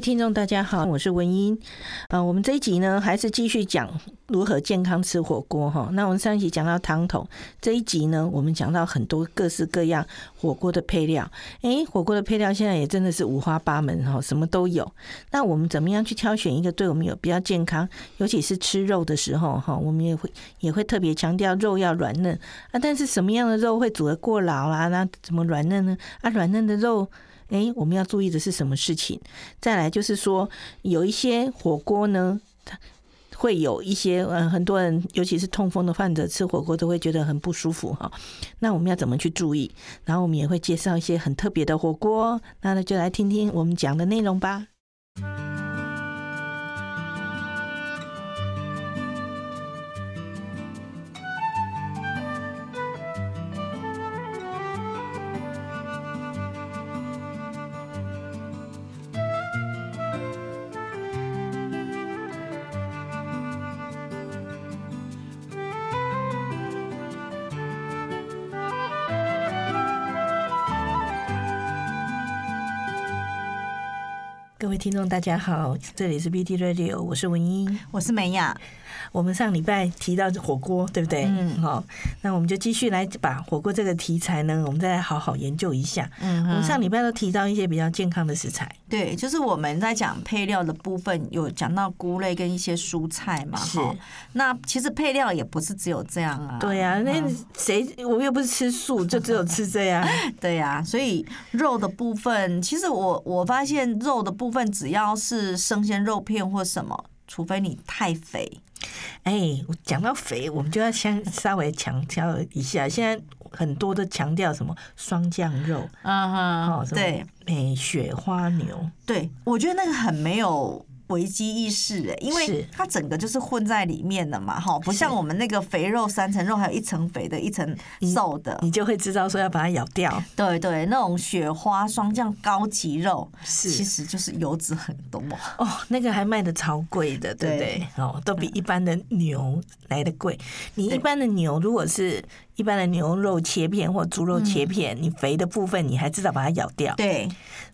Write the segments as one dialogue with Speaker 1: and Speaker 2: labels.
Speaker 1: 聽眾大家好，我是文音啊。我們這一集呢，還是繼續講如何健康吃火鍋哈。那我們上一集講到湯頭，這一集呢，我們講到很多各式各樣火鍋的配料。哎，火鍋的配料現在也真的是五花八門哈，什麼都有。那我們怎麼樣去挑選一個對我們有比較健康？尤其是吃肉的時候哈，我們也會也會特別強調肉要軟嫩啊。但是什麼樣的肉會煮得過老啊？那怎麼軟嫩呢？啊，軟嫩的肉。誒，我們要注意的是什麼事情？再來就是說，有一些火鍋呢，它會有一些，嗯，很多人，尤其是痛風的患者，吃火鍋都會覺得很不舒服哈。那我們要怎麼去注意？然後我們也會介紹一些很特別的火鍋。那呢，就來聽聽我們講的內容吧。聽眾大家好，這裡是 B&B Radio，我是文音，我是美雅。我們上禮拜提到火鍋，對不對？嗯，好，那我們就繼續來把火鍋這個題材呢，我們再來好好研究一下。嗯哼，我們上禮拜都提到一些比較健康的食材，對，就是我們在講配料的部分，有講到菇類跟一些蔬菜嘛。是，那其實配料也不是只有這樣啊。對呀、啊，那誰、嗯，我又不是吃素，就只有吃這樣？ 對呀、啊，所以肉的部分，其實我我發現肉的部分。只要是生鮮肉片或什麼，除非你太肥。哎、欸，講到肥，我們就要先稍微強調一下， 現在很多都強調什麼霜降肉，啊哈、uh，huh, 麼對，美、欸、雪花牛，對，我覺得那個很沒有危機意識、欸、因為它整個就是混在裡面的嘛，哈是，不像我們那個肥肉三層肉，還有一層肥的，一層瘦的、嗯，你就會知道說要把它咬掉。對，對對，那種雪花霜降高級肉，是其實就是油脂很多哦。那個還賣的超貴的，對對。對哦，都比一般的牛來的貴。你一般的牛如果是。一般的牛肉切片或豬肉切片，嗯、你肥的部分你還至少把它咬掉。對，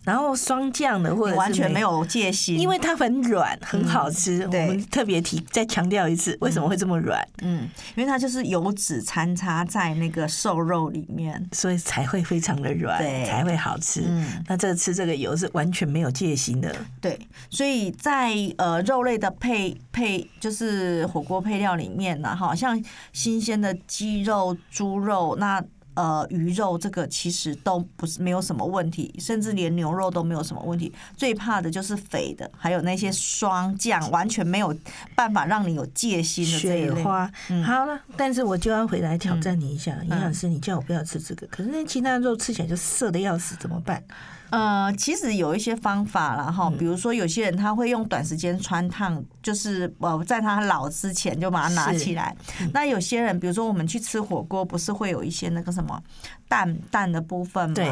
Speaker 1: 然後霜降的會完全沒有戒心，因為它很軟，很好吃。嗯、對我們特別提再強調一次，為什麼會這麼軟、嗯？嗯，因為它就是油脂摻插在那個瘦肉裡面，所以才會非常的軟，對才會好吃。嗯、那這次這個油是完全沒有戒心的。對，所以在呃肉類的配配就是火鍋配料裡面呢、啊，好像新鮮的雞肉。豬肉那呃魚肉，這個其實都不是沒有什麼問題，甚至連牛肉都沒有什麼問題。最怕的就是肥的，還有那些霜降，完全沒有辦法讓你有戒心的這一類、雪花、嗯、好了，但是我就要回來挑戰你一下，營養、嗯、師，你叫我不要吃這個，嗯、可是那其他的肉吃起來就澀的要死，怎麼辦？呃，其實有一些方法啦哈，比如說有些人他會用短時間汆燙，嗯、就是呃，在他老之前就把它拿起來。是那有些人，比如說我們去吃火鍋，不是會有一些那個什麼蛋蛋的部分嘛？對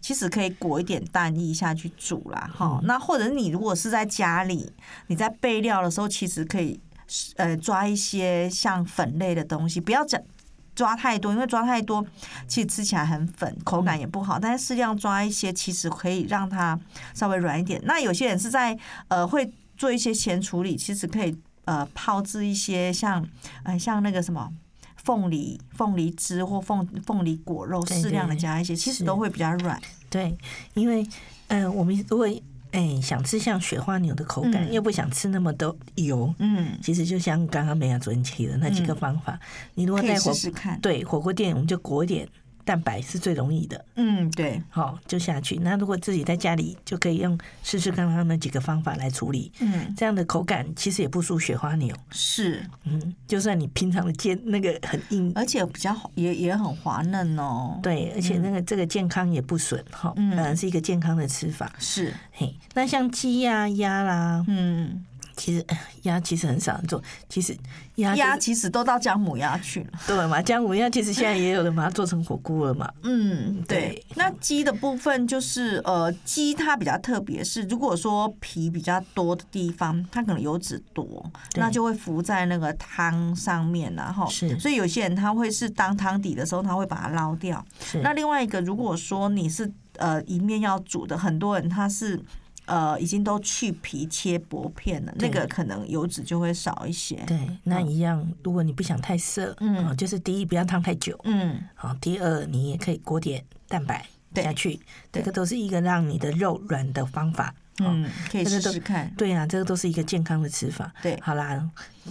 Speaker 1: 其實可以裹一點蛋液下去煮啦。哈、嗯。那或者你如果是在家裡，你在備料的時候，其實可以呃抓一些像粉類的東西，不要整。抓太多，因為抓太多，其實吃起來很粉，口感也不好。嗯、但是適量抓一些，其實可以讓它稍微軟一點。那有些人是在呃會做一些前處理，其實可以呃泡製一些像呃像那個什麼鳳梨鳳梨汁或鳳鳳梨果肉，適量的加一些，對對，其實都會比較軟。對，因為嗯、呃，我們如果。哎、欸，想吃像雪花牛的口感，又不想吃那麼多油。嗯，其實就像剛剛美雅昨天提的那幾個方法，嗯、你如果帶火鍋，試試看，對，火鍋店我們就裹點。蛋白是最容易的，嗯，對，好、哦、就下去。那如果自己在家裡就可以用試試剛剛那幾個方法來處理，嗯，這樣的口感其實也不輸雪花牛，是，嗯，就算你平常的煎那個很硬，而且比較好，也也很滑嫩哦。對，而且那個、嗯、這個健康也不損哈，嗯、哦、是一個健康的吃法。嗯、是，嘿，那像雞呀、啊、鴨啦，嗯。其實鴨其實很少人做，其實鴨鴨其實都到薑母鴨去了，對嘛？薑母鴨其實現在也有人把它做成火鍋了嘛。嗯，對。對那雞的部分就是，呃，雞它比較特別，是如果說皮比較多的地方，它可能油脂多，對那就會浮在那個湯上面，然後是。所以有些人他會是當湯底的時候，他會把它撈掉。是。那另外一個，如果說你是呃一面要煮的，很多人他是。呃，已經都去皮切薄片了，對那個可能油脂就會少一些。對，嗯、那一樣，如果你不想太澀，嗯，就是第一不要燙太久，嗯，第二你也可以裹點蛋白下去，對這個都是一個讓你的肉軟的方法。哦、嗯，可以試試看。對呀、啊，這個都是一個健康的吃法。對，好啦，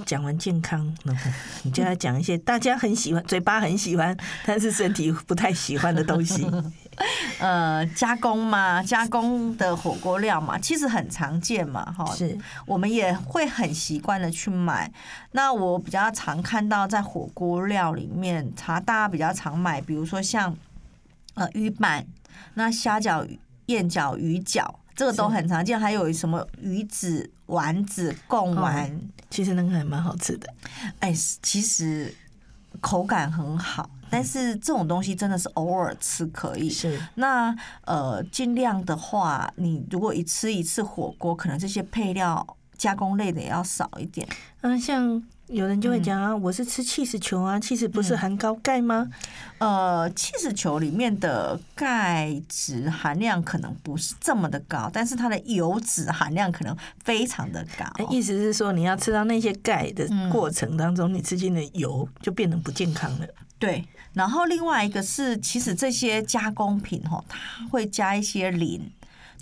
Speaker 1: 講完健康， 你就要講一些大家很喜歡、嘴巴很喜歡，但是身體不太喜歡的東西。 呃，加工嘛，加工的火鍋料嘛，其實很常見嘛，哈、哦。是，我們也會很習慣的去買。那我比較常看到在火鍋料裡面，茶大家比較常買，比如說像呃魚板、那蝦餃、燕餃、魚餃。魚這個都很常見，還有什麼魚子丸子貢丸，哦，其實那個還蠻好吃的。哎、欸，其實口感很好，但是這種東西真的是偶爾吃可以。是，那呃，盡量的話，你如果一吃一次火鍋，可能這些配料。加工類的也要少一點。嗯、啊，像有人就會講啊，嗯、我是吃起司球啊，起司不是含高鈣嗎？嗯、呃，起司球裡面的鈣質含量可能不是這麼的高，但是它的油脂含量可能非常的高。呃、意思是說，你要吃到那些鈣的過程當中，嗯、你吃進的油就變得不健康了。嗯、對。然後另外一個是，其實這些加工品、哦、它會加一些磷。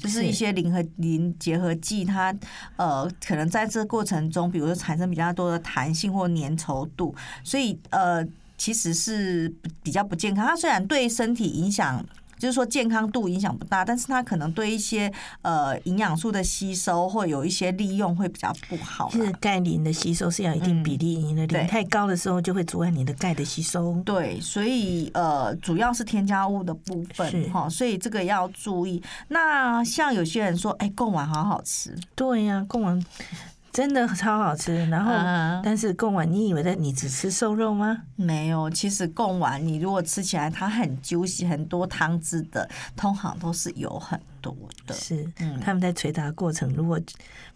Speaker 1: 就是一些磷和磷結合劑，它呃，可能在這過程中，比如說產生比較多的彈性或粘稠度，所以呃，其實是比較不健康。它雖然對身體影響。就是說健康度影響不大，但是它可能對一些呃營養素的吸收或有一些利用會比較不好，啊。就是鈣磷的吸收是要一定比例，你的、嗯、磷太高的時候就會阻礙你的鈣的吸收。對，所以呃主要是添加物的部分哈是，所以這個要注意。那像有些人說，哎貢丸好好吃。對呀，啊，貢丸。真的超好吃，然後但是貢丸，你以為你只吃瘦肉嗎？啊、沒有，其實貢丸你如果吃起來，它很 juicy，很多湯汁的，通常都是有很多的。是，嗯、他們在捶打的過程如果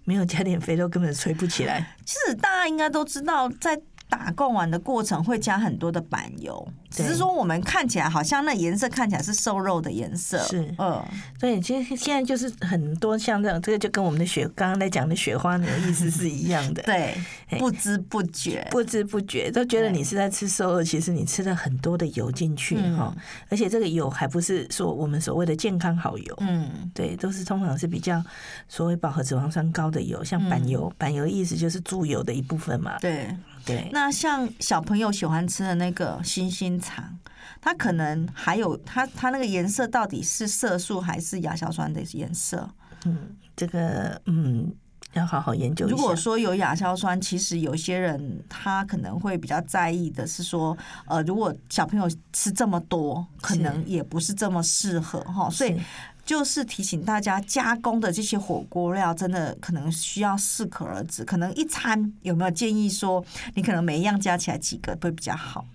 Speaker 1: 沒有加點肥肉，根本捶不起來。其實大家應該都知道，在。打貢丸的過程會加很多的板油，只是說我們看起來好像那顏色看起來是瘦肉的顏色，是對，嗯，對，其實現在就是很多像這樣這個就跟我們的雪剛剛在講的雪花牛意思是一樣的， 對，對不知不覺，不知不覺都覺得你是在吃瘦肉，對其實你吃了很多的油進去哈，嗯、而且這個油還不是說我們所謂的健康好油，嗯，對，都是通常是比較所謂飽和脂肪酸高的油，像板油，嗯、板油的意思就是豬油的一部分嘛，對。對那像小朋友喜歡吃的那個星星腸，它可能還有它，它那個顏色到底是色素還是亞硝酸的顏色？嗯，這個嗯。要好好研究一下。如果說有亞硝酸，其實有些人他可能會比較在意的是說，呃，如果小朋友吃這麼多，可能也不是這麼適合哈是、哦。所以就是提醒大家，加工的這些火鍋料真的可能需要適可而止。可能一餐有沒有建議說，你可能每一樣加起來幾個會比較好？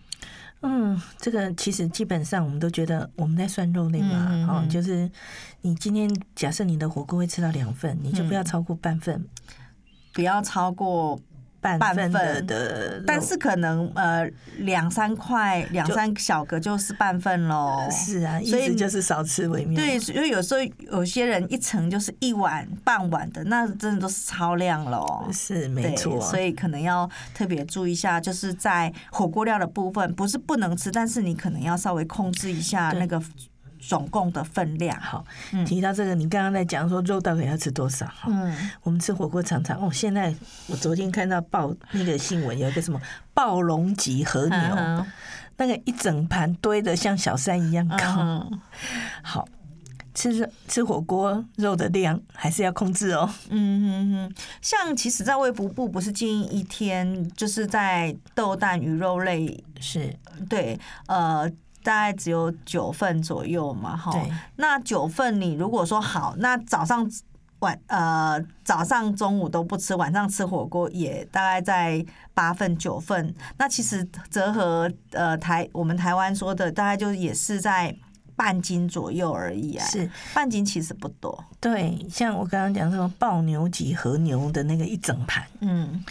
Speaker 1: 嗯，這個其實基本上我們都覺得我們在算肉類嘛，嗯、哦，就是你今天假設你的火鍋會吃到兩份，嗯、你就不要超過半份，嗯、不要超過。半份的，分的的，但是可能呃，兩三塊兩三小格就是半份嘍。就對是啊，所以就是少吃為妙。對，因為有時候有些人一層就是一碗半碗的，那真的都是超量咯。是沒錯、啊，所以可能要特別注意一下，就是在火鍋料的部分，不是不能吃，但是你可能要稍微控制一下那個。總共的分量哈，提到這個，你剛剛在講說肉到底要吃多少哈？嗯，我們吃火鍋常常哦，現在我昨天看到報那個新聞，有一個什麼暴龍級和牛，嗯、那個一整盤堆得像小山一樣高。嗯、好，吃吃火鍋肉的量還是要控制哦。嗯哼哼，像其實在衛福部不是建議一天就是在豆蛋魚肉類是對呃。大概只有九份左右嘛，哈對。那九份你如果說好，那早上晚呃早上中午都不吃，晚上吃火鍋也大概在八份九份。那其實折合呃台我們台灣說的大概就也是在半斤左右而已啊。是半斤其實不多。對，像我剛剛講這種爆牛及和牛的那個一整盤，嗯。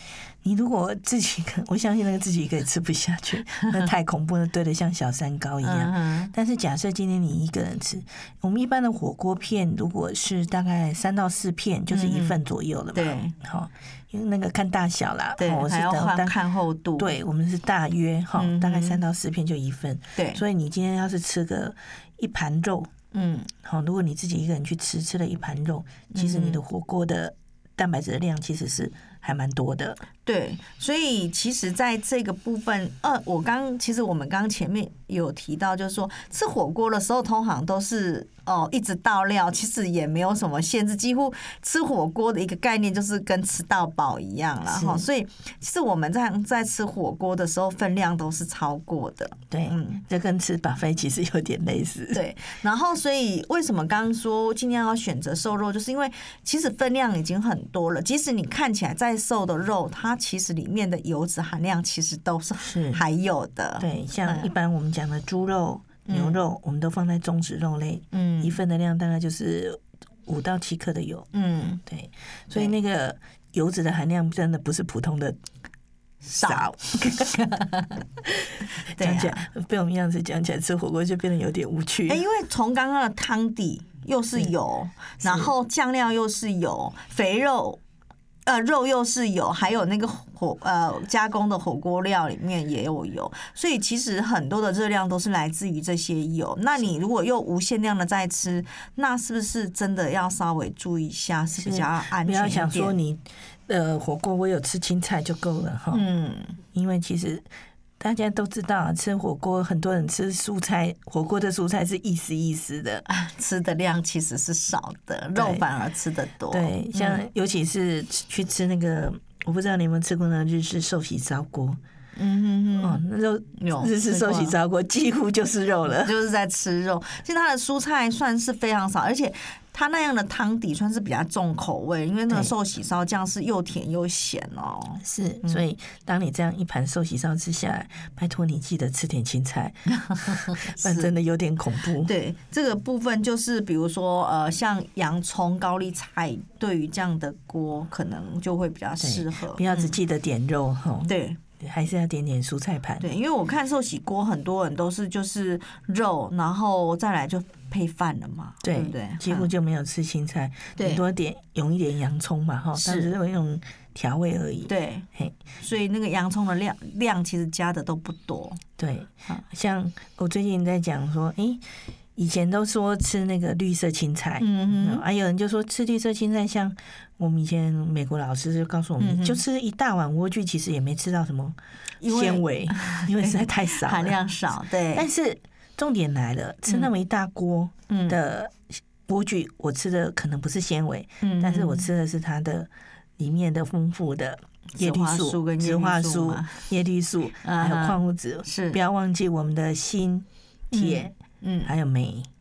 Speaker 1: 你如果自己一個，我相信那個自己一個也吃不下去，那 太恐怖了，堆得像小山高一樣。嗯、哼但是假設今天你一個人吃，我們一般的火鍋片如果是大概三到四片，就是一份左右了吧，嗯。對，好，哦，因為那個看大小啦。對，我是還要看厚度。對，我們是大約哈，哦嗯、哼大概三到四片就一份。對，所以你今天要是吃個一盤肉，嗯，好，如果你自己一個人去吃，吃了一盤肉，其實你的火鍋的蛋白質的量其實是還蠻多的。對，所以其實，在這個部分，呃、啊，我剛其實我們剛前面有提到，就是說吃火鍋的時候通常都是哦、呃、一直倒料，其實也沒有什麼限制，幾乎吃火鍋的一個概念就是跟吃到飽一樣了哈是。所以其實我們在在吃火鍋的時候，分量都是超過的。對，嗯，這跟吃 buffet 其實有點類似。對，然後所以為什麼剛剛說盡量要選擇瘦肉，就是因為其實分量已經很多了，即使你看起來再瘦的肉，它其實裡面的油脂含量其實都是是還有的，對，像一般我們講的豬肉、牛肉，我們都放在中脂肉類，嗯，一份的量大概就是五到七克的油，嗯，對，所以那個油脂的含量真的不是普通的少。講起來被我們樣子講起來吃火鍋就變得有點無趣，哎，因為從剛剛的湯底又是油，然後醬料又是油，肥肉。肉又是有，還有那個火呃加工的火鍋料裡面也有油，所以其實很多的熱量都是來自於這些油。那你如果又無限量的在吃，那是不是真的要稍微注意一下是比較安全？不要想說你呃火鍋我有吃青菜就夠了哈。嗯，因為其實。大家都知道，吃火鍋，很多人吃蔬菜。火鍋的蔬菜是意思意思的，吃的量其實是少的，對肉反而吃的多。對，像尤其是去吃那個，嗯、我不知道你們吃過那日式是壽喜燒鍋。嗯嗯嗯。那肉，日式壽喜燒鍋幾乎就是肉了， 就是在吃肉。其實它的蔬菜算是非常少，而且。它那樣的湯底算是比較重口味，因為那個壽喜燒醬是又甜又鹹哦。對是，嗯、所以當你這樣一盤壽喜燒吃下來，拜託你記得吃點青菜，那 是真的有點恐怖。對，這個部分就是比如說呃，像洋蔥、高麗菜，對於這樣的鍋可能就會比較適合。不要只記得點肉、嗯哦、對。還是要點點蔬菜盤，對，因為我看壽喜鍋很多人都是就是肉，然後再來就配飯了嘛，對不對？對對，幾乎就沒有吃青菜，很多、啊、點用對一點洋蔥嘛，哈是，只是一種調味而已，對，嘿，所以那個洋蔥的量量其實加的都不多，對，啊、像我最近在講說，哎、欸。以前都說吃那個綠色青菜，嗯嗯，啊，有人就說吃綠色青菜，像我們以前美國老師就告訴我們，就吃一大碗萵苣，其實也沒吃到什麼纖維，因為實在太少了，含量少，對。但是重點來了，吃那麼一大鍋的萵苣，我吃的可能不是纖維，嗯，但是我吃的是它的裡面的豐富的葉綠素跟植化素，葉綠素還有礦物質，是不要忘記我們的鋅、鐵。嗯，還有鎂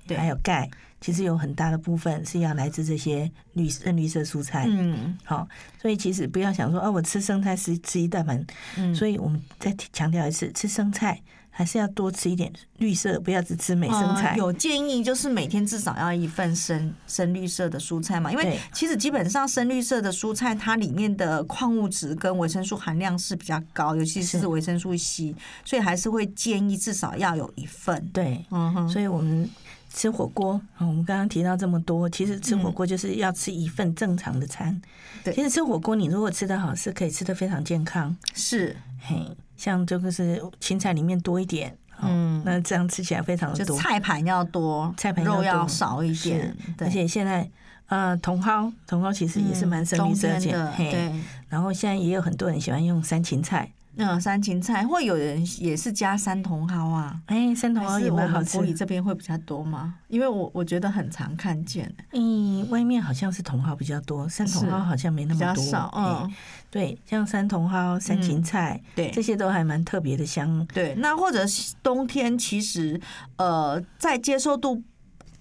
Speaker 1: 還有鈣，對 其實有很大的部分是要來自這些綠色、深綠色蔬菜。嗯，好、哦，所以其實不要想說，哦、啊，我吃生菜是吃一大盆。嗯，所以我們再強調一次，吃生菜。還是要多吃一點綠色，不要只吃美生菜。嗯，有建議就是每天至少要一份深深綠色的蔬菜嘛，因為其實基本上深綠色的蔬菜它裡面的礦物質跟維生素含量是比較高，尤其是維生素 C，是。所以還是會建議至少要有一份。對，嗯哼，所以我們吃火鍋，我們剛剛提到這麼多，其實吃火鍋就是要吃一份正常的餐。嗯，其實吃火鍋，你如果吃得好，是可以吃得非常健康。是，嘿。像這個是青菜裡面多一點，嗯，那這樣吃起來非常的多，就菜盤要多，菜盤肉要少一點，是對而且現在呃茼蒿、茼蒿其實也是蠻深綠色的，嗯、的嘿對。然後現在也有很多人喜歡用山芹菜。嗯，山芹菜，或有人也是加山茼蒿啊，哎、欸，山茼蒿有也很吃。以這邊會比較多嗎？因為我我覺得很常看見。嗯，外面好像是茼蒿比較多，山茼蒿好像沒那麼多少。嗯，欸、對，像山茼蒿、山芹菜，嗯、對，這些都還蠻特別的香。對，那或者冬天其實，呃，在接受度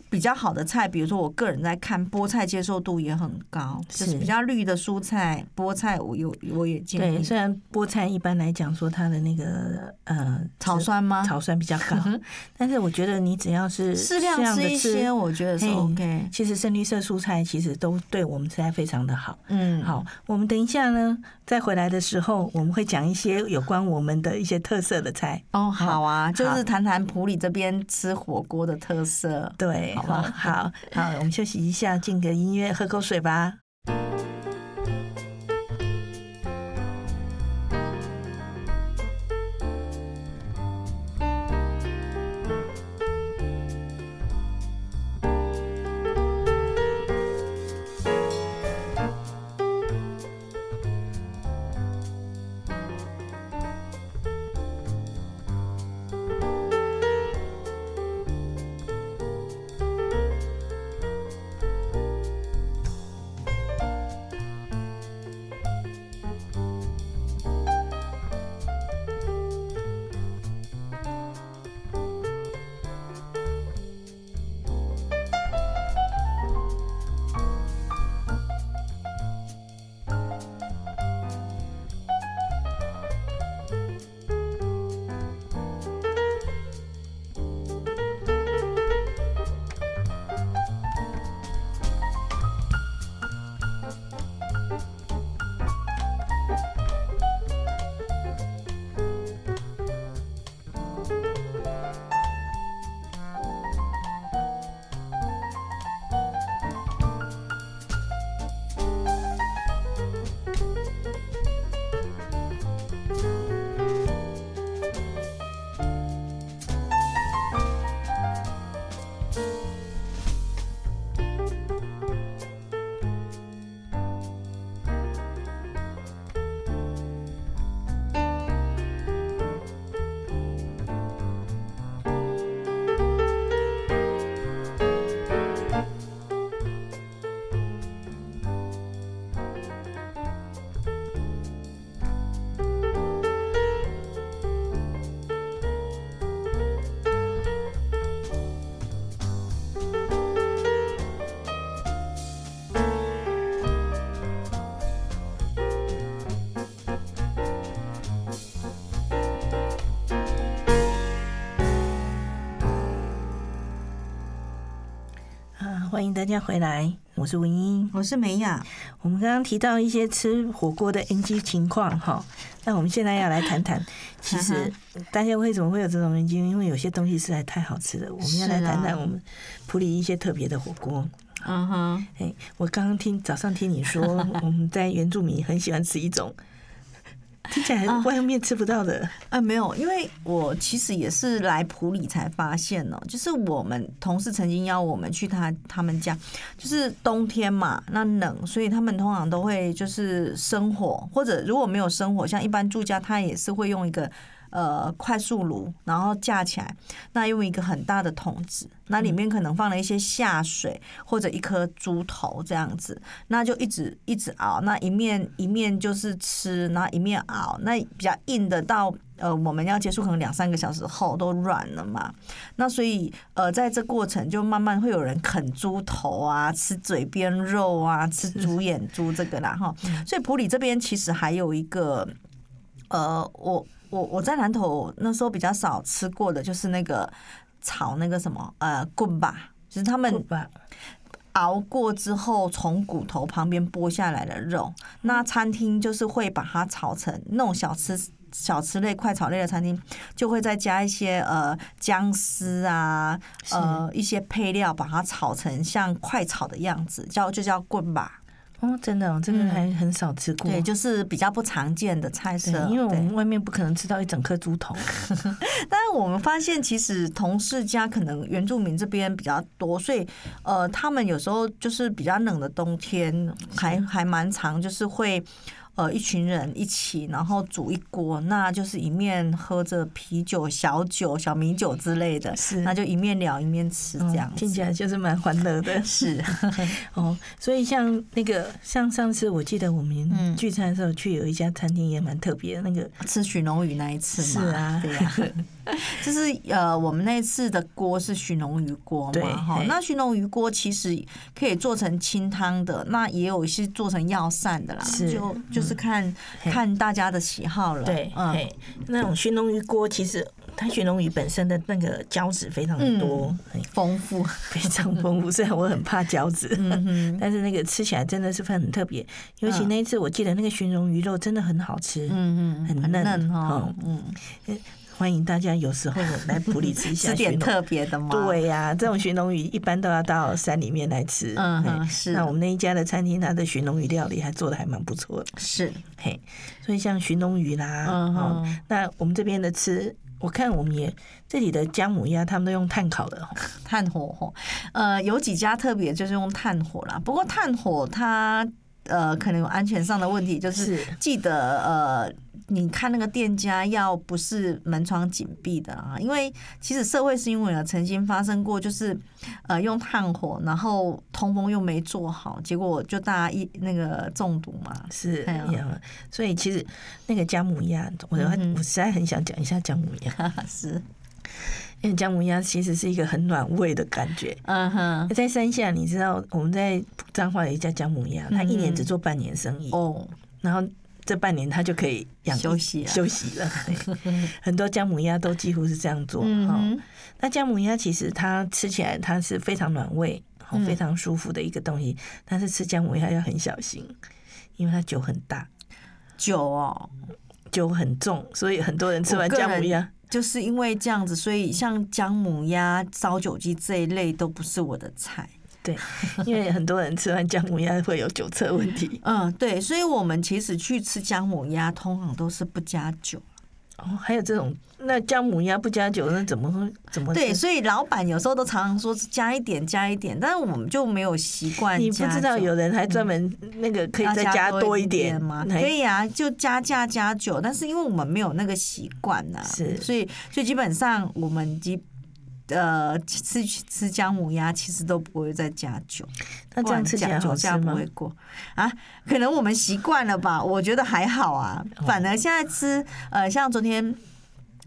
Speaker 1: 比較好的菜，比如說我個人在看菠菜，接受度也很高，就是比較綠的蔬菜，菠菜我有我也建議。對，雖然菠菜一般來講說它的那個呃草酸嗎？草酸比較高，但是我覺得你只要是適量吃一些，我覺得說 OK。其實深綠色蔬菜其實都對我們吃菜非常的好。嗯，好，我們等一下呢再回來的時候，我們會講一些有關我們的一些特色的菜。哦，好啊，就是談談埔里這邊吃火鍋的特色。對。好，好，好，好，我們休息一下，進個音樂，喝口水吧。歡迎大家回來，我是文音，我是美雅。我們剛剛提到一些吃火鍋的 NG 情況哈，那我們現在要來談談，其實大家為什麼會有這種 NG？因為有些東西實在太好吃了。我們要來談談我們普里一些特別的火鍋。嗯哼、啊，哎、欸，我剛剛聽早上聽你說，我們在原住民很喜歡吃一種。聽起來還是外面吃不到的啊！沒有，因為我其實也是來埔里才發現呢。就是我們同事曾經邀我們去他，他們家，就是冬天嘛，那冷，所以他們通常都會就是生火，或者如果沒有生火，像一般住家，他也是會用一個。呃，快速爐，然後架起來，那用一個很大的桶子，那裡面可能放了一些下水或者一顆豬頭這樣子，那就一直一直熬，那一面一面就是吃，那一面熬，那比較硬的到呃我們要結束可能兩三個小時後都軟了嘛，那所以呃在這過程就慢慢會有人啃豬頭啊，吃嘴邊肉啊，吃豬眼珠這個啦哈， 所以埔里這邊其實還有一個呃我。我我在南投那時候比較少吃過的，就是那個炒那個什麼呃棍吧，就是他們熬過之後從骨頭旁邊剝下來的肉。那餐廳就是會把它炒成那種小吃小吃類快炒類的餐廳，就會再加一些呃薑絲啊呃一些配料，把它炒成像快炒的樣子，叫就叫棍吧。哦，真的、哦，真的還很少吃過，嗯，對，就是比較不常見的菜色，對，因為我們外面不可能吃到一整顆豬頭。對 但是我們發現，其實同事家可能原住民這邊比較多，所以呃，他們有時候就是比較冷的冬天，還還蠻常，就是會。呃，一群人一起，然後煮一鍋，那就是一面喝着啤酒、小酒、小米酒之類的，是，那就一面聊一面吃，這樣、嗯、聽起來就是蠻歡樂的。是是。 哦，所以像那個，像上次我記得我們聚餐的時候，去有一家餐廳也蠻特別，嗯、那個吃鱘龍魚那一次嘛，對呀。就是呃，我們那次的鍋是鱘龍魚鍋嘛，哈，那鱘龍魚鍋其實可以做成清湯的，那也有些做成藥膳的啦，就就是看看大家的喜好了。對，那種鱘龍魚鍋其實它鱘龍魚本身的那個膠質非常多，很豐富，非常豐富。雖然我很怕膠質，但是那個吃起來真的是很特別。尤其那一次，我記得那個鱘龍魚肉真的很好吃，嗯嗯，很嫩哈，嗯。歡迎大家有時候來埔里吃一下 吃點特別的嗎？對呀、啊，這種鱘龍魚，一般都要到山裡面來吃。嗯哼，對是。那我們那一家的餐廳，它的鱘龍魚料理還做的還蠻不錯的。是，嘿，hey, 所以像鱘龍魚啦，嗯哼、哦，那我們這邊的吃，我看我們也這裡的薑母鴨，他們都用炭烤的，炭火吼。呃，有幾家特別就是用炭火啦。不過炭火它呃可能有安全上的問題，就是記得是呃。你看那個店家要不是門窗緊閉的啊，因為其實社會新聞啊曾經發生過，就是呃用炭火，然後通風又沒做好，結果就大家一那個中毒嘛。是、哎呦，所以其實那個薑母鴨，我、嗯、哼我實在很想講一下薑母鴨，是、嗯、哼因為薑母鴨其實是一個很暖胃的感覺。嗯哼，在山下你知道我們在彰化有一家薑母鴨，他、嗯、哼一年只做半年生意哦，然後。這半年他就可以休息休息了，休息了 很多薑母鴨都幾乎是這樣做哈、嗯哦。那薑母鴨其實它吃起來它是非常暖胃，嗯、非常舒服的一個東西，但是吃薑母鴨要很小心，因為它酒很大，酒哦酒很重，所以很多人吃完薑母鴨就是因為這樣子，所以像薑母鴨、燒酒雞這一類都不是我的菜。對， 因為很多人吃完薑母鴨會有酒測問題。嗯，對，所以我們其實去吃薑母鴨，通常都是不加酒。哦，還有這種，那薑母鴨不加酒，那對怎麼怎麼？對，所以老闆有時候都常常說是加一點，加一點，但是我們就沒有習慣。你不知道有人還專門那個可以再加多一點，嗯，嗯，多一點嗎？還可以啊，就加加加酒，但是因為我們沒有那個習慣吶，是，所以所以基本上我們幾。呃，吃吃薑母鴨其實都不會再加酒，不然吃薑母鴨這樣不會過啊？可能我們習慣了吧？ 我覺得還好啊。反而現在吃呃，像昨天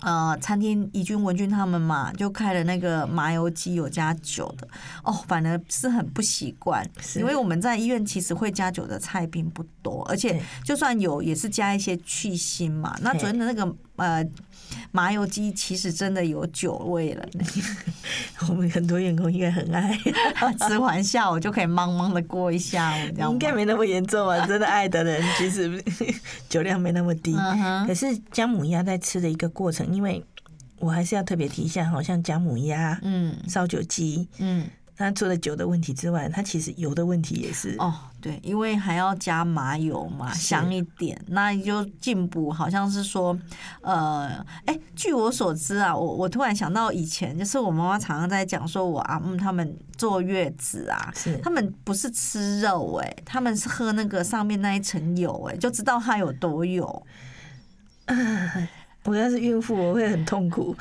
Speaker 1: 呃，餐廳怡君文君他們嘛，就開了那個麻油雞有加酒的哦，反而是很不習慣，是因為我們在醫院其實會加酒的菜並不多，而且就算有也是加一些去腥嘛。對那昨天的那個呃。麻油雞其實真的有酒味了， 我們很多員工應該很愛了 吃完下午就可以茫茫的過一下午。應該沒那麼嚴重吧？ 真的愛的人其實酒量沒那麼低，可是薑母鴨在吃的一個過程，因為我還是要特別提一下，好像薑母鴨、嗯、嗯，燒酒雞，嗯。那除了酒的問題之外，它其實油的問題也是哦，對，因為還要加麻油嘛，是香一點。那就進補，好像是說，呃，哎、欸，據我所知啊，我我突然想到以前，就是我媽媽常常在講，說我阿姆他們坐月子啊，是他們不是吃肉、欸，哎，他們是喝那個上面那一層油、欸，哎，就知道它有多油。 我要是孕婦，我會很痛苦。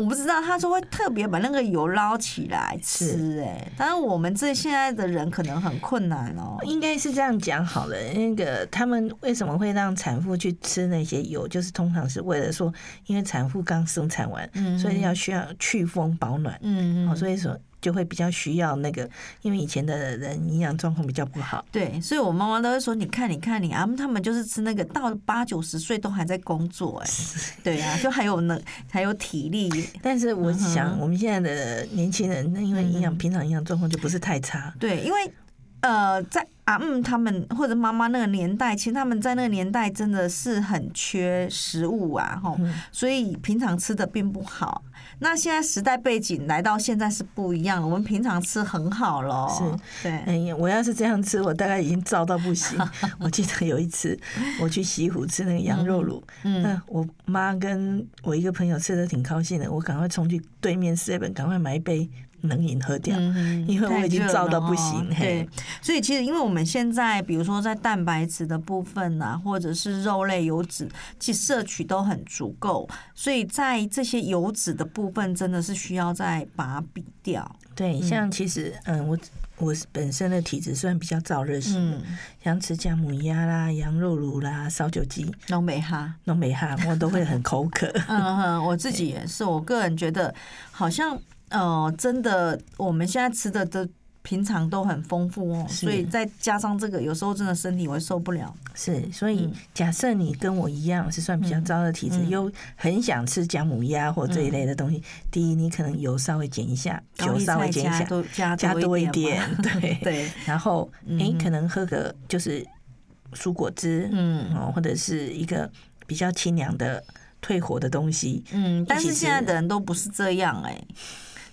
Speaker 1: 我不知道，他說會特別把那個油撈起來吃誒、欸、是但是我們這現在的人可能很困難哦、喔。應該是這樣講好了，那個他們為什麼會讓產婦去吃那些油？就是通常是為了說，因為產婦剛生產完，所以要需要祛風保暖。嗯嗯哼，所以說。就會比較需要那個，因為以前的人營養狀況比較不好。對，所以我媽媽都會說：“你看，你看你，啊，他們就是吃那個，到八九十歲都還在工作、欸，哎， 對呀、啊，就還有能，還有體力。但是我想，我們現在的年輕人，那、嗯、因為營養平常營養狀況就不是太差。對，因為，呃，在。”啊、嗯，他們或者媽媽那個年代，其實他們在那個年代真的是很缺食物啊，嗯、所以平常吃的並不好。那現在時代背景來到現在是不一樣，我們平常吃很好了。是，對。哎呀，我要是這樣吃，我大概已經燥到不行。 我記得有一次我去西湖吃那個羊肉爐，嗯、那我媽跟我一個朋友吃的挺高興的，我趕快衝去對面 Seven，趕快買一杯。能飲喝掉，嗯、因為我已經燥到不行。對，對所以其實因為我們現在，比如說在蛋白質的部分啊，或者是肉類油脂，其實攝取都很足夠，所以在這些油脂的部分，真的是需要再把它比掉。對，嗯、像其實，嗯，我我本身的體質算比較燥熱型，嗯，像吃薑母鴨啦、羊肉爐啦、燒酒雞、濃眉哈、濃眉哈，我都會很口渴。 嗯哼、嗯嗯，我自己也是，對我個人覺得好像。呃，真的，我們現在吃的都平常都很豐富哦，所以再加上這個，有時候真的身體會受不了。是，所以假設你跟我一樣是算比較燥的體質，又很想吃薑母鴨或這一類的東西，第一你可能油稍微減一下，油稍微減一下，都加多一點，對對。然後誒，你可能喝個就是蔬果汁，嗯，或者是一個比較清涼的退火的東西，嗯。但是現在的人都不是這樣，哎。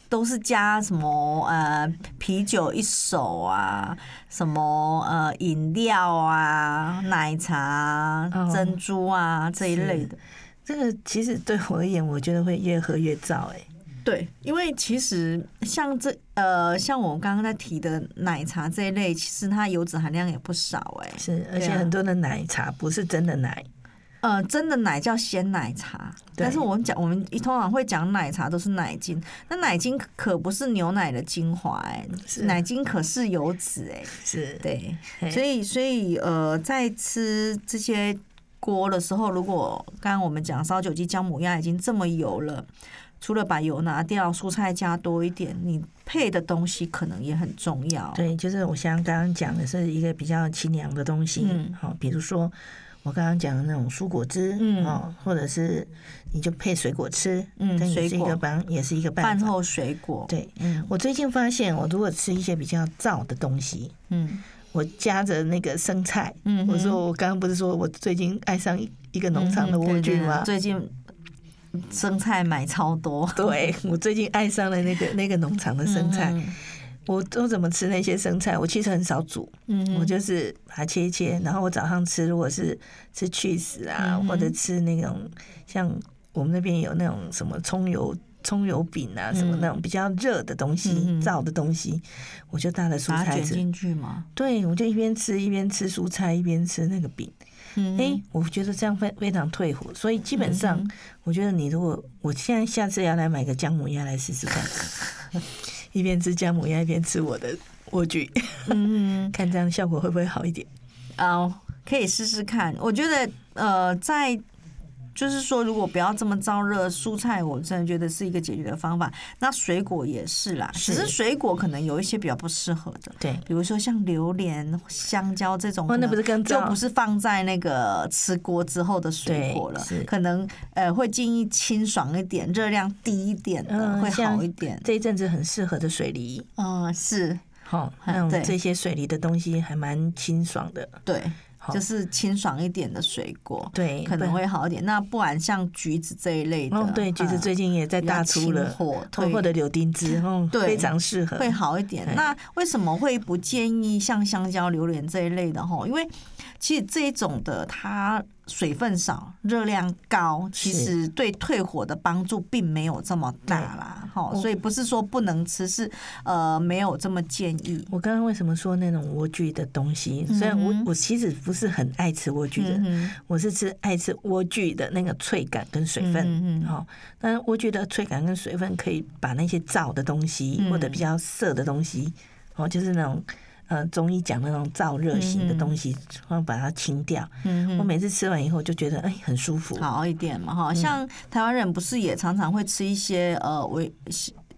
Speaker 1: 都是加什麼呃，啤酒一手啊，什麼呃飲料啊、奶茶珍珠啊、Oh. 這一類的。這個其實對我而言，我覺得會越喝越燥哎、欸。對，因為其實像這呃，像我剛剛在提的奶茶這一類，其實它油脂含量也不少哎、欸。是，而且很多的奶茶不是真的奶。Yeah. 呃，真的奶叫鮮奶茶，對但是我們講，我們一通常會講奶茶都是奶精，那奶精可不是牛奶的精華哎、欸，是奶精可是油脂哎、欸，是對嘿所，所以所以呃，在吃這些鍋的時候，如果剛剛我們講燒酒雞、薑母鴨已經這麼油了，除了把油拿掉，蔬菜加多一點，你配的東西可能也很重要、啊。對，就是我想剛剛講的是一個比較清涼的東西，好、嗯，比如說。我剛剛講的那種蔬果汁，嗯，或者是你就配水果吃，嗯，也是一個幫，也是一個飯後水果。對，我最近發現，我如果吃一些比較燥的東西，嗯，我夾着那個生菜，嗯哼，我說我剛剛不是說我最近愛上一個農場的萵苣嗎？嗯，對對對，最近生菜買超多，對，我最近愛上了那個那個農場的生菜。嗯我都怎麼吃那些生菜？我其實很少煮，嗯、哼我就是把它切一切，然後我早上吃，如果是吃去 h 啊，嗯、哼或者吃那種像我們那邊有那種什麼蔥油蔥油餅啊，什麼那種比較熱的東西、嗯、哼燥的東西，我就搭了蔬菜卷進去嘛。對，我就一邊吃一邊吃蔬菜，一邊吃那個餅。哎、嗯哼欸，我覺得這樣非非常退火，所以基本上，我覺得你如果我現在下次要來買個薑母鴨來試試看。 一邊吃薑母鴨，一邊吃我的萵苣、mm，hmm. 看這樣效果會不會好一點？哦、oh, 可以試試看。我覺得，呃，在。就是說，如果不要這麼燥熱，蔬菜我真的覺得是一個解決的方法，那水果也是啦，只是水果可能有一些比較不適合的。對是，比如說像榴蓮、香蕉這種，那不是更燥，就不是放在那個吃鍋之後的水果了。哦、可能呃，會建議清爽一點、熱量低一點的、嗯、會好一點。這一陣子很適合的水梨、嗯、是哦，是好，像這些水梨的東西還蠻清爽的。對。就是清爽一點的水果，對，可能會好一點。對那不然像橘子這一類的，哦、對，嗯、橘子最近也在大出了貨，特別的柳丁汁，對、哦，非常適合，會好一點。對那為什麼會不建議像香蕉、榴蓮這一類的齁？因為其實這一種的它。水分少，熱量高，其實對退火的幫助並沒有這麼大啦。對哦、所以不是說不能吃，是呃沒有這麼建議。我剛剛為什麼說那種萵苣的東西？雖然我我其實不是很愛吃萵苣的，嗯、哼我是吃愛吃萵苣的那個脆感跟水分。嗯、哼但是萵苣的脆感跟水分可以把那些燥的東西、嗯、或者比較澀的東西，就是那種。呃，中醫講那種燥熱型的東西，然後、嗯、哼把它清掉。嗯、哼我每次吃完以後就覺得，哎、欸，很舒服。好一點嘛，哈、嗯。像台灣人不是也常常會吃一些呃維。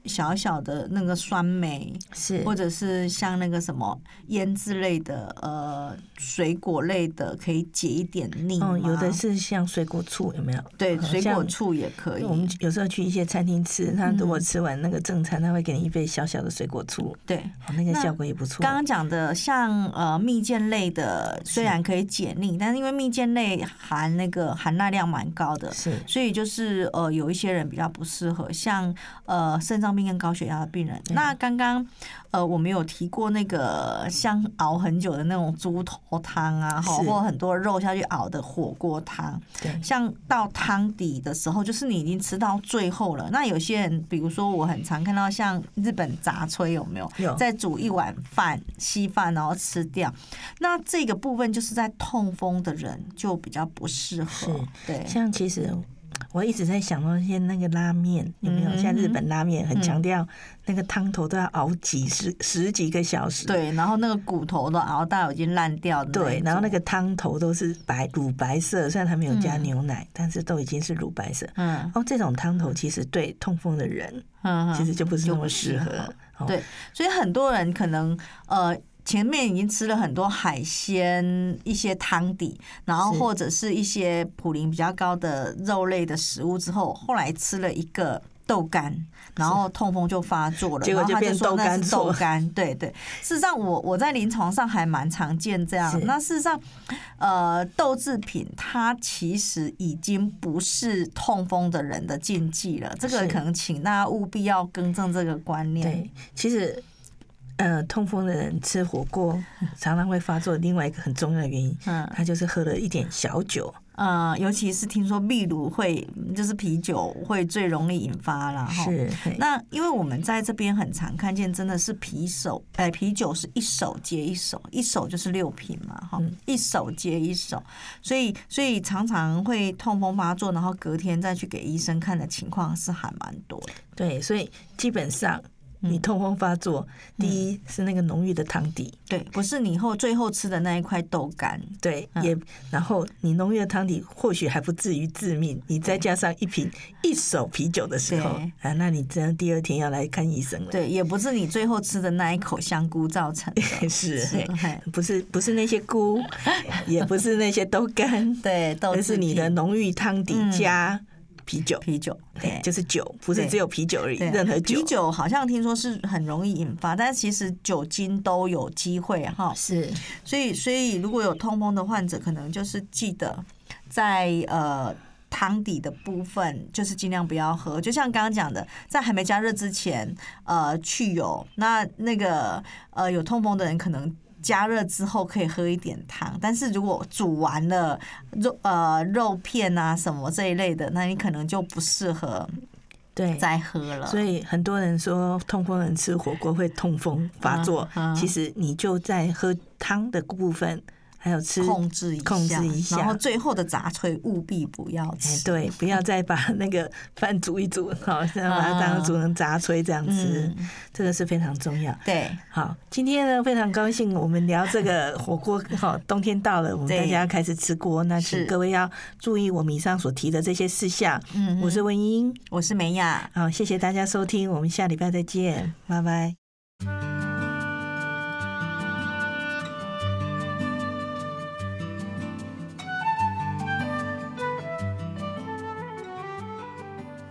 Speaker 1: 小小的那個酸梅，是，或者是像那個什麼醃製類的呃水果類的，可以解一點膩、哦。有的是像水果醋有沒有？對，好水果醋也可以。我們有時候去一些餐廳吃，他如果吃完那個正餐，他會給你一杯小小的水果醋。對、嗯，那個效果也不錯。剛剛講的像呃蜜餞類的，雖然可以解膩，是，但是因為蜜餞類含那個含鈉量蠻高的，是，所以就是呃有一些人比較不適合，像呃腎臟病跟高血壓的病人，那剛剛呃，我們有提過那個像熬很久的那種豬頭湯啊，或是很多肉下去熬的火鍋湯，對像到湯底的時候，就是你已經吃到最後了。那有些人，比如說我很常看到像日本雜炊，有沒有？有。再煮一碗飯、稀飯、嗯，然後吃掉。那這個部分就是在痛風的人就比較不適合。是對。像其實。我一直在想到那些那個拉麵有沒有？嗯、現在日本拉麵很強調那個湯頭都要熬幾十、嗯、十幾個小時，對，然後那個骨頭都熬到已經爛掉了，對，然後那個湯頭都是白乳白色，雖然還沒有加牛奶，嗯、但是都已經是乳白色。嗯，哦，這種湯頭其實對痛風的人，嗯，其實就不是那麼適合，合。對，所以很多人可能呃。前面已經吃了很多海鮮、一些湯底，然後或者是一些普林比較高的肉類的食物之後，後來吃了一個豆乾，然後痛風就發作了。然後他就說那是豆乾，對對。事實上我，我我在臨床上還蠻常見這樣。是那事實上，呃，豆製品它其實已經不是痛風的人的禁忌了。這個可能，請大家務必要更正這個觀念。對，其實。呃，痛風的人吃火鍋常常會發作，另外一個很重要的原因，他就是喝了一點小酒。呃、嗯，尤其是聽說秘魯會，就是啤酒會最容易引發了哈。是。吼那因為我們在這邊很常看見，真的是啤酒，哎、呃，啤酒是一手接一手，一手就是六瓶嘛哈，一手接一手，所以所以常常會痛風發作，然後隔天再去給醫生看的情況是還蠻多的。對，所以基本上。你痛風發作，嗯、第一是那個濃郁的湯底，對，不是你後最後吃的那一塊豆干，對，嗯、也然後你濃郁的湯底或許還不至於致命，你再加上一瓶一手啤酒的時候對、啊、那你這樣第二天要來看醫生了。對，也不是你最後吃的那一口香菇造成的，是，對不是不是那些菇， 也不是那些豆干，對，都是你的濃郁湯底加。啤酒，啤酒，對，就是酒，不是只有啤酒而已，對任何酒。啤酒好像聽說是很容易引發，但其實酒精都有機會哈。是，所以，所以如果有痛風的患者，可能就是記得在呃湯底的部分，就是盡量不要喝。就像剛剛講的，在還沒加熱之前，呃，去油。那那個呃，有痛風的人可能。加熱之後可以喝一點湯，但是如果煮完了肉，呃肉片啊什麼這一類的，那你可能就不適合，對，再喝了。所以很多人說痛風人吃火鍋會痛風發作，uh, uh. 其實你就在喝湯的部分。還有吃控制一下，然後最後的雜炊務必不要吃，對，不要再把那個飯煮一煮，好像把它當成雜炊這樣子，這個是非常重要。對，好，今天呢非常高興，我們聊這個火鍋，好，冬天到了，我們大家開始吃鍋，那請各位要注意我們以上所提的這些事項。嗯，我是文音，我是美雅，好，謝謝大家收聽，我們下禮拜再見，拜拜。